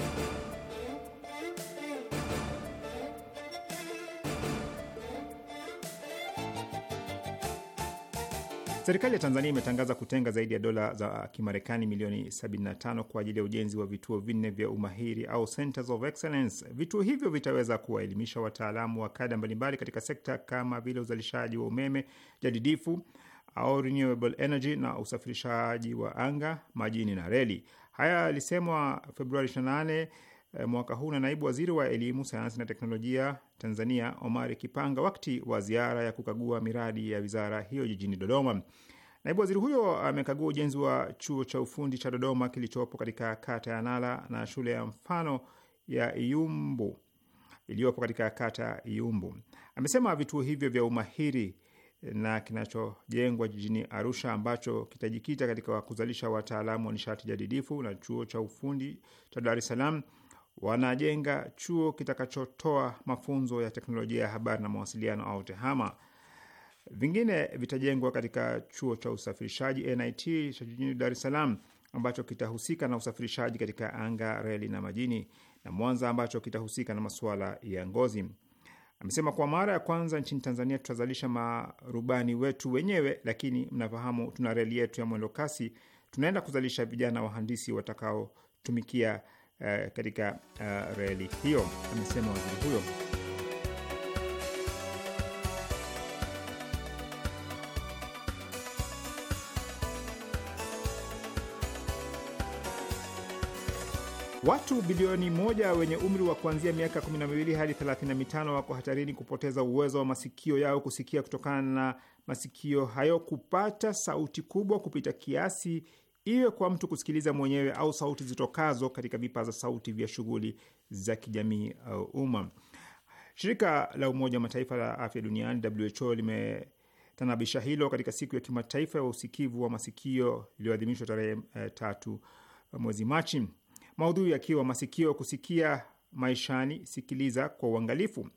Speaker 1: Serikali ya Tanzania imetangaza kutenga zaidi ya dola za Kimarekani milioni 75 kwa ajili ya ujenzi wa vituo vinne vya umahiri au centers of excellence. Vituo hivyo vitaweza kuwaelimisha wataalamu wa kada mbalimbali katika sekta kama vile uzalishaji wa umeme jadidifu au renewable energy na usafirishaji wa anga, majini na reli. Haya yalisemwa Februari 28 Eh, mwaka huu na naibu waziri wa elimu, sayansi na teknolojia Tanzania Omari Kipanga wakati wa ziara ya kukagua miradi ya wizara hiyo jijini Dodoma. Naibu waziri huyo amekagua ujenzi wa chuo cha ufundi cha Dodoma kilichopo katika kata ya Nala na shule ya mfano ya Iyumbu iliyopo katika kata Iyumbu. Amesema vituo hivyo vya umahiri na kinachojengwa jijini Arusha ambacho kitajikita katika kuzalisha wataalamu wa nishati jadidifu na chuo cha ufundi cha Dar es Salaam wanajenga chuo kitakachotoa mafunzo ya teknolojia ya habari na mawasiliano au TEHAMA. Vingine vitajengwa katika chuo cha usafirishaji NIT cha jijini Dar es Salaam ambacho kitahusika na usafirishaji katika anga, reli na majini, na Mwanza ambacho kitahusika na masuala ya ngozi. Amesema kwa mara ya kwanza nchini Tanzania tutazalisha marubani wetu wenyewe, lakini mnafahamu, tuna reli yetu ya mwendo kasi. Tunaenda kuzalisha vijana wahandisi watakaotumikia Eh, katika uh, reli hiyo, amesema waziri huyo. Watu bilioni moja wenye umri wa kuanzia miaka 12 hadi 35 wako hatarini kupoteza uwezo wa masikio yao kusikia kutokana na masikio hayo kupata sauti kubwa kupita kiasi iwe kwa mtu kusikiliza mwenyewe au sauti zitokazo katika vipaza sauti vya shughuli za kijamii au umma. Shirika la Umoja wa Mataifa la Afya Duniani, WHO, limetanabisha hilo katika siku ya kimataifa ya usikivu wa masikio iliyoadhimishwa tarehe e, tatu eh, mwezi Machi, maudhui yakiwa masikio kusikia maishani, sikiliza kwa uangalifu.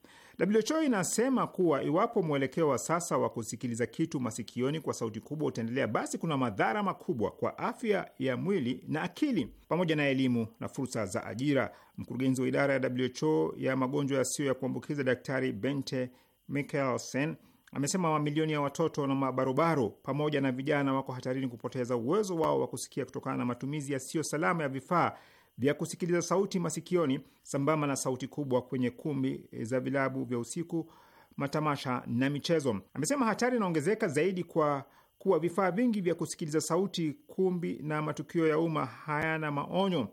Speaker 1: WHO inasema kuwa iwapo mwelekeo wa sasa wa kusikiliza kitu masikioni kwa sauti kubwa utaendelea, basi kuna madhara makubwa kwa afya ya mwili na akili, pamoja na elimu na fursa za ajira. Mkurugenzi wa idara ya WHO ya magonjwa yasiyo ya kuambukiza Daktari Bente Mikkelsen amesema mamilioni ya watoto na mabarobaro pamoja na vijana wako hatarini kupoteza uwezo wao wa kusikia kutokana na matumizi yasiyo salama ya vifaa vya kusikiliza sauti masikioni sambamba na sauti kubwa kwenye kumbi eh, za vilabu vya usiku, matamasha na michezo. Amesema hatari inaongezeka zaidi kwa kuwa vifaa vingi vya kusikiliza sauti, kumbi na matukio ya umma hayana maonyo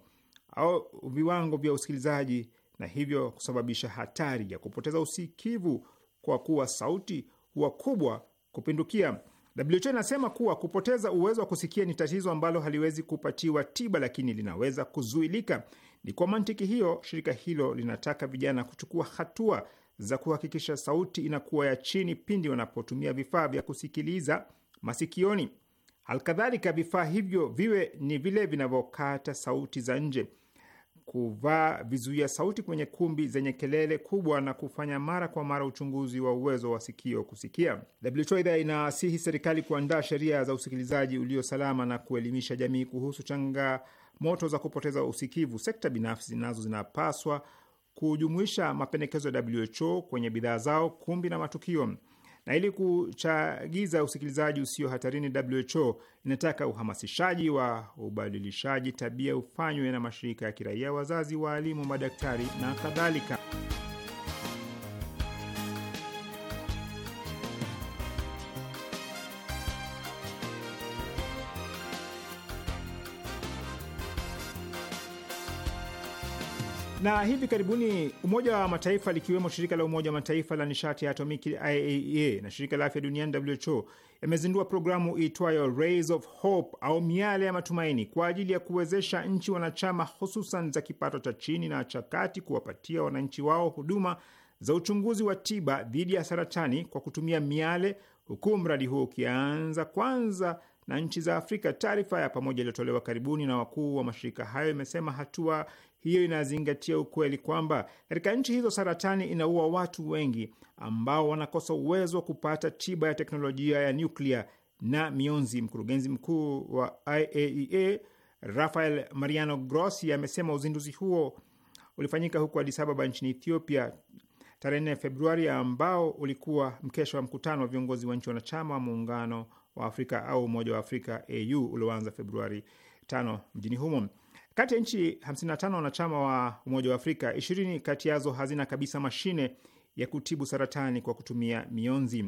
Speaker 1: au viwango vya usikilizaji na hivyo kusababisha hatari ya kupoteza usikivu kwa kuwa sauti huwa kubwa kupindukia. WHO inasema kuwa kupoteza uwezo wa kusikia ni tatizo ambalo haliwezi kupatiwa tiba, lakini linaweza kuzuilika. Ni kwa mantiki hiyo shirika hilo linataka vijana kuchukua hatua za kuhakikisha sauti inakuwa ya chini pindi wanapotumia vifaa vya kusikiliza masikioni. Alkadhalika, vifaa hivyo viwe ni vile vinavyokata sauti za nje kuvaa vizuia sauti kwenye kumbi zenye kelele kubwa na kufanya mara kwa mara uchunguzi wa uwezo wa sikio kusikia. WHO inaasihi inasihi serikali kuandaa sheria za usikilizaji ulio salama na kuelimisha jamii kuhusu changamoto za kupoteza usikivu. Sekta binafsi nazo zinapaswa kujumuisha mapendekezo ya WHO kwenye bidhaa zao, kumbi na matukio. Na ili kuchagiza usikilizaji usio hatarini, WHO inataka uhamasishaji wa ubadilishaji tabia ufanywe na mashirika ya kiraia, wazazi, waalimu, madaktari na kadhalika. Na hivi karibuni Umoja wa Mataifa likiwemo shirika la Umoja wa Mataifa la nishati ya atomiki IAEA e, na shirika la afya duniani WHO yamezindua programu iitwayo Rays of Hope au miale ya matumaini kwa ajili ya kuwezesha nchi wanachama hususan za kipato cha chini na cha kati kuwapatia wananchi wao huduma za uchunguzi wa tiba dhidi ya saratani kwa kutumia miale, huku mradi huo ukianza kwanza na nchi za Afrika. Taarifa ya pamoja iliyotolewa karibuni na wakuu wa mashirika hayo imesema hatua hiyo inazingatia ukweli kwamba katika nchi hizo saratani inaua watu wengi ambao wanakosa uwezo wa kupata tiba ya teknolojia ya nyuklia na mionzi. Mkurugenzi mkuu wa IAEA e Rafael Mariano Grossi amesema uzinduzi huo ulifanyika huko Addis Ababa nchini Ethiopia tarehe 4 Februari, ambao ulikuwa mkesha wa mkutano wa viongozi wa nchi wanachama wa Muungano wa Afrika au Umoja wa Afrika au ulioanza Februari 5 mjini humo. Kati ya nchi 55 wanachama wa Umoja wa Afrika, 20 kati yazo hazina kabisa mashine ya kutibu saratani kwa kutumia mionzi.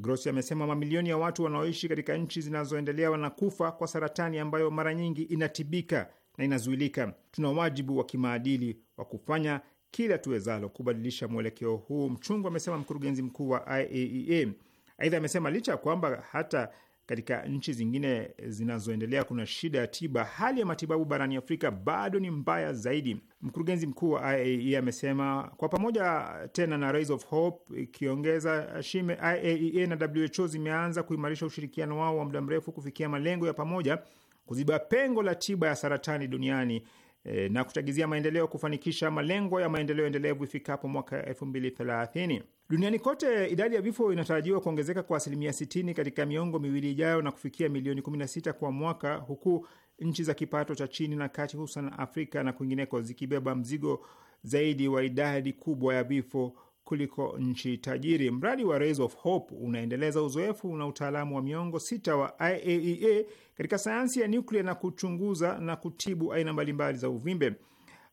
Speaker 1: Grossi amesema mamilioni ya watu wanaoishi katika nchi zinazoendelea wanakufa kwa saratani ambayo mara nyingi inatibika na inazuilika. Tuna wajibu wa kimaadili wa kufanya kila tuwezalo kubadilisha mwelekeo huu mchungu, amesema mkurugenzi mkuu wa IAEA. E Aidha amesema licha ya kwamba hata katika nchi zingine zinazoendelea kuna shida ya tiba, hali ya matibabu barani Afrika bado ni mbaya zaidi. Mkurugenzi mkuu wa IAEA e amesema kwa pamoja tena na Rise of Hope ikiongeza shime, IAEA e na WHO zimeanza kuimarisha ushirikiano wao wa muda mrefu kufikia malengo ya pamoja kuziba pengo la tiba ya saratani duniani e, na kuchagizia maendeleo kufanikisha malengo ya maendeleo endelevu ifikapo mwaka 2030. Duniani kote idadi ya vifo inatarajiwa kuongezeka kwa asilimia 60 katika miongo miwili ijayo na kufikia milioni 16 kwa mwaka, huku nchi za kipato cha chini na kati, hususan Afrika na kwingineko, zikibeba mzigo zaidi wa idadi kubwa ya vifo kuliko nchi tajiri. Mradi wa Rays of Hope unaendeleza uzoefu na utaalamu wa miongo sita wa IAEA e katika sayansi ya nyuklia na kuchunguza na kutibu aina mbalimbali za uvimbe.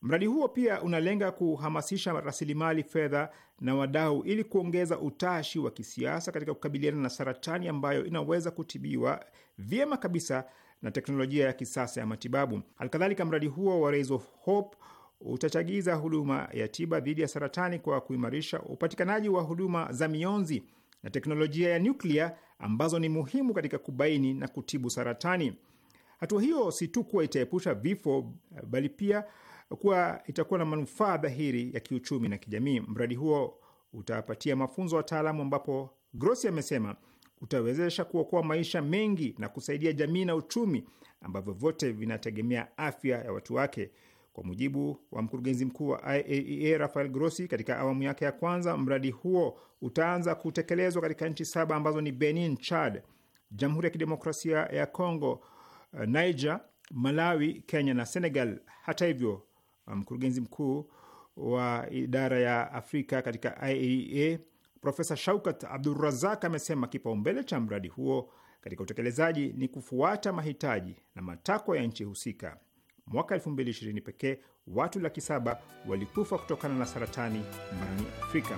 Speaker 1: Mradi huo pia unalenga kuhamasisha rasilimali fedha na wadau ili kuongeza utashi wa kisiasa katika kukabiliana na saratani ambayo inaweza kutibiwa vyema kabisa na teknolojia ya kisasa ya matibabu. Halikadhalika, mradi huo wa Rays of Hope utachagiza huduma ya tiba dhidi ya saratani kwa kuimarisha upatikanaji wa huduma za mionzi na teknolojia ya nyuklia ambazo ni muhimu katika kubaini na kutibu saratani. Hatua hiyo si tu kuwa itaepusha vifo, bali pia kuwa itakuwa na manufaa dhahiri ya kiuchumi na kijamii. Mradi huo utapatia mafunzo wataalamu, ambapo Grossi amesema utawezesha kuokoa maisha mengi na kusaidia jamii na uchumi ambavyo vyote vinategemea afya ya watu wake. Kwa mujibu wa mkurugenzi mkuu wa IAEA e Rafael Grossi, katika awamu yake ya kwanza mradi huo utaanza kutekelezwa katika nchi saba ambazo ni Benin, Chad, Jamhuri ya Kidemokrasia ya congo Niger, Malawi, Kenya na Senegal. Hata hivyo, mkurugenzi mkuu wa idara ya Afrika katika IAEA e Profesa Shaukat Abdurazak amesema kipaumbele cha mradi huo katika utekelezaji ni kufuata mahitaji na matakwa ya nchi husika mwaka 2020 pekee watu laki saba walikufa kutokana na saratani barani Afrika.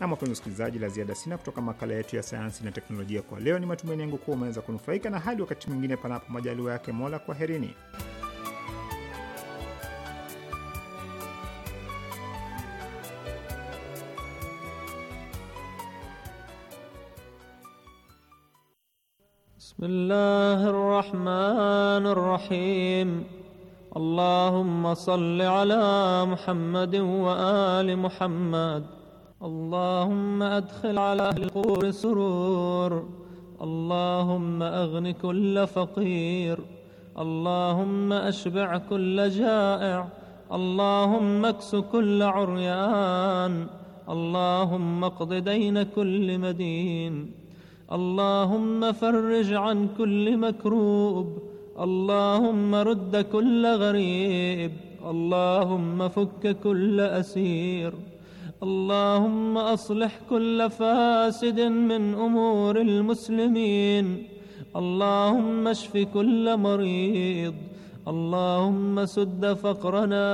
Speaker 1: Na wapenzi wasikilizaji, la ziada sina kutoka makala yetu ya sayansi na teknolojia kwa leo. Ni matumaini yangu kuwa umeweza kunufaika, na hadi wakati mwingine, panapo majaliwa yake Mola, kwaherini.
Speaker 6: بسم الله الرحمن الرحيم اللهم صل على محمد وآل محمد اللهم أدخل على أهل القبور سرور اللهم أغن كل فقير اللهم أشبع كل جائع اللهم اكس كل عريان اللهم اقض دين كل مدين اللهم فرج عن كل مكروب اللهم رد كل غريب اللهم فك كل أسير اللهم أصلح كل فاسد من أمور المسلمين اللهم اشف كل مريض اللهم سد فقرنا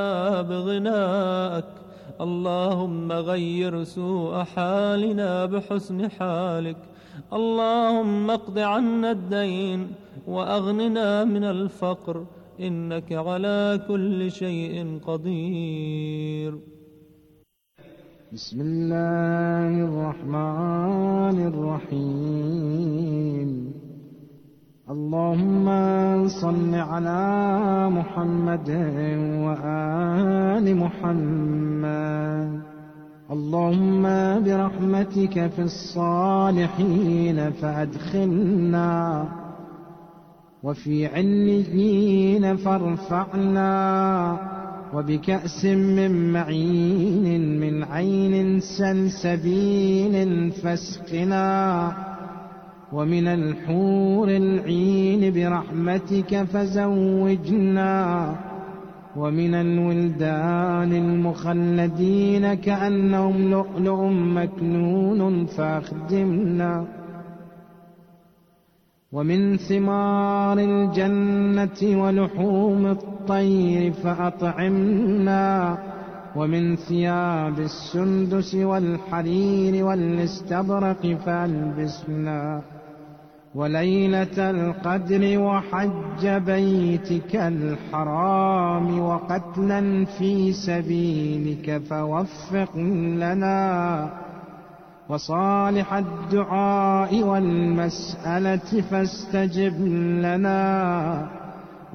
Speaker 6: بغناءك اللهم غير سوء حالنا بحسن حالك اللهم اقض عنا الدين وأغننا من الفقر إنك على كل شيء قدير
Speaker 5: بسم الله الرحمن الرحيم اللهم صل على محمد وآل محمد اللهم برحمتك في الصالحين فأدخلنا وفي عليين فارفعنا وبكأس من معين من عين سلسبيل فاسقنا ومن الحور العين برحمتك فزوجنا ومن الولدان المخلدين كأنهم لؤلؤ مكنون فأخدمنا ومن ثمار الجنة ولحوم الطير فأطعمنا ومن ثياب السندس والحرير والاستبرق فألبسنا وليلة القدر وحج بيتك الحرام وقتلا في سبيلك فوفق لنا وصالح الدعاء والمسألة فاستجب لنا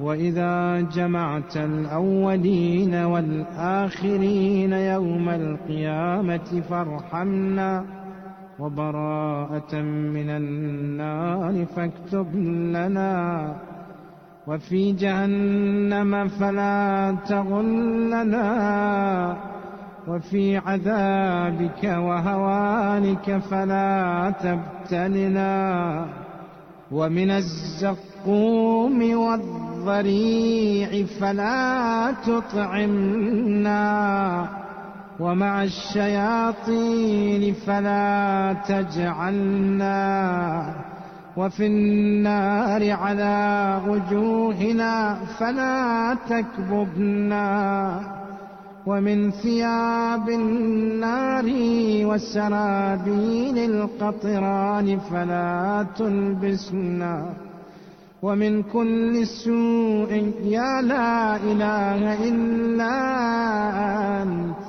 Speaker 5: وإذا جمعت الأولين والآخرين يوم القيامة فارحمنا وبراءة من النار فاكتب لنا وفي جهنم فلا تغلنا وفي عذابك وهوانك فلا تبتلنا ومن الزقوم والضريع فلا تطعمنا ومع الشياطين فلا تجعلنا وفي النار على وجوهنا فلا تكببنا ومن ثياب النار وسرابيل القطران فلا تلبسنا ومن كل سوء يا لا إله إلا أنت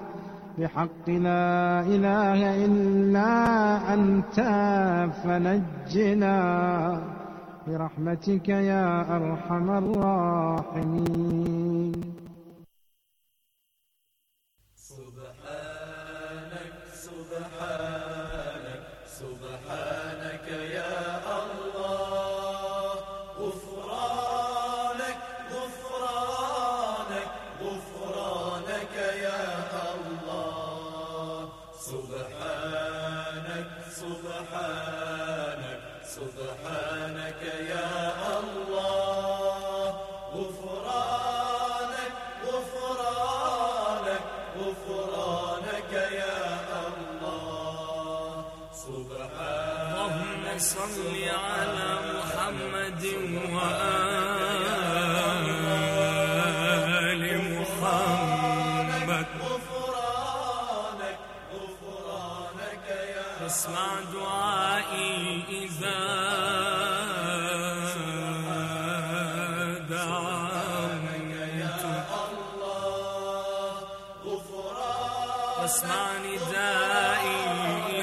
Speaker 5: بحق لا إله إلا أنت فنجنا برحمتك يا أرحم الراحمين
Speaker 6: وندائي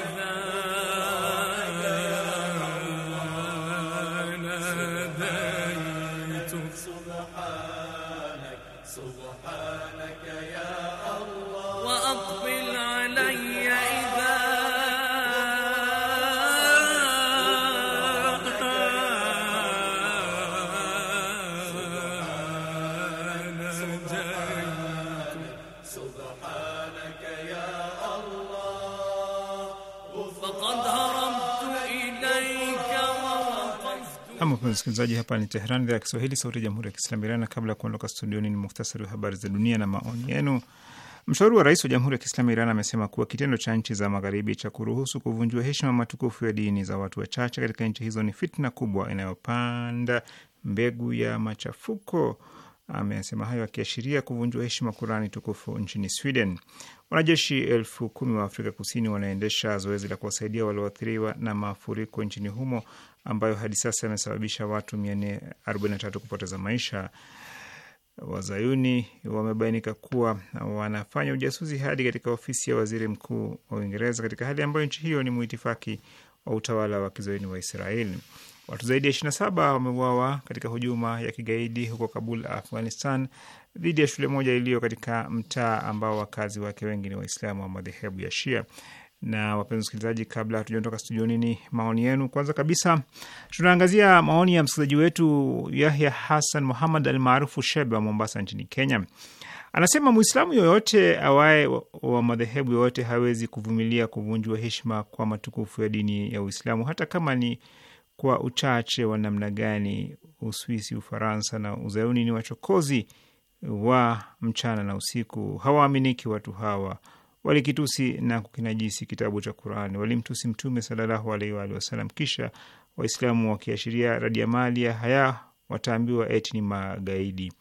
Speaker 1: Wapenzi wasikilizaji, hapa ni Teheran, idhaa ya Kiswahili, sauti ya jamhuri ya kiislamu Iran. Na kabla ya kuondoka studioni, ni muhtasari wa habari za dunia na maoni yenu. Mshauri wa rais wa jamhuri ya kiislamu Iran amesema kuwa kitendo cha nchi za magharibi cha kuruhusu kuvunjiwa heshima matukufu ya dini za watu wachache katika nchi hizo ni fitna kubwa inayopanda mbegu ya machafuko amesema hayo akiashiria kuvunjwa heshima Kurani tukufu nchini Sweden. Wanajeshi elfu kumi wa Afrika Kusini wanaendesha zoezi la kuwasaidia walioathiriwa na mafuriko nchini humo ambayo hadi sasa yamesababisha watu 443 kupoteza maisha. Wazayuni wamebainika kuwa wanafanya ujasusi hadi katika ofisi ya waziri mkuu wa Uingereza katika hali ambayo nchi hiyo ni mwitifaki wa utawala wa kizayuni wa Israeli. Watu zaidi ya 27 wameuawa katika hujuma ya kigaidi huko Kabul, Afghanistan, dhidi ya shule moja iliyo katika mtaa ambao wakazi wake wengi ni Waislamu wa madhehebu ya Shia. Na wapenzi wasikilizaji, kabla hatujaondoka studioni, ni maoni yenu. Kwanza kabisa tunaangazia maoni ya msikilizaji wetu Yahya Hassan Muhammad almaarufu Shebe wa Mombasa nchini Kenya. Anasema Mwislamu yoyote awaye wa, wa madhehebu yoyote hawezi kuvumilia kuvunjwa heshima kwa matukufu ya dini ya Uislamu hata kama ni kwa uchache wa namna gani Uswisi, Ufaransa na Uzayuni ni wachokozi wa mchana na usiku. Hawaaminiki watu hawa, walikitusi na kukinajisi kitabu cha Qurani, walimtusi Mtume sallallahu alaihi waalihi wasallam, kisha Waislamu wakiashiria ya haya wataambiwa eti ni magaidi.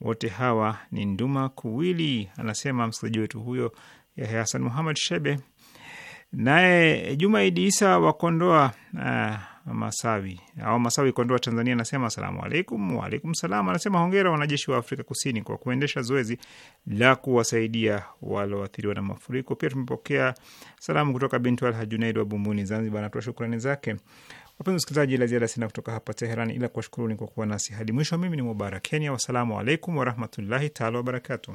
Speaker 1: Wote hawa ni nduma kuwili, anasema msikilizaji wetu huyo Yahya Hasan Muhamad Shebe. Naye Jumaidi Isa Wakondoa uh, ah, Masawi au Masawi Kondoa, Tanzania anasema asalamu alaikum. Waalaikum salam. Anasema hongera wanajeshi wa Afrika Kusini kwa kuendesha zoezi la kuwasaidia walioathiriwa na mafuriko. Pia tumepokea salamu kutoka Bintu Alha wa Bumbuni, Zanzibar. Anatoa shukrani zake. Wapenzi wasikilizaji, la ziada sina kutoka hapa Teheran ila kuwashukuruni kwa kuwa nasi hadi mwisho. Mimi ni Mubarak Kenya, wassalamu alaikum warahmatullahi taala wabarakatuh.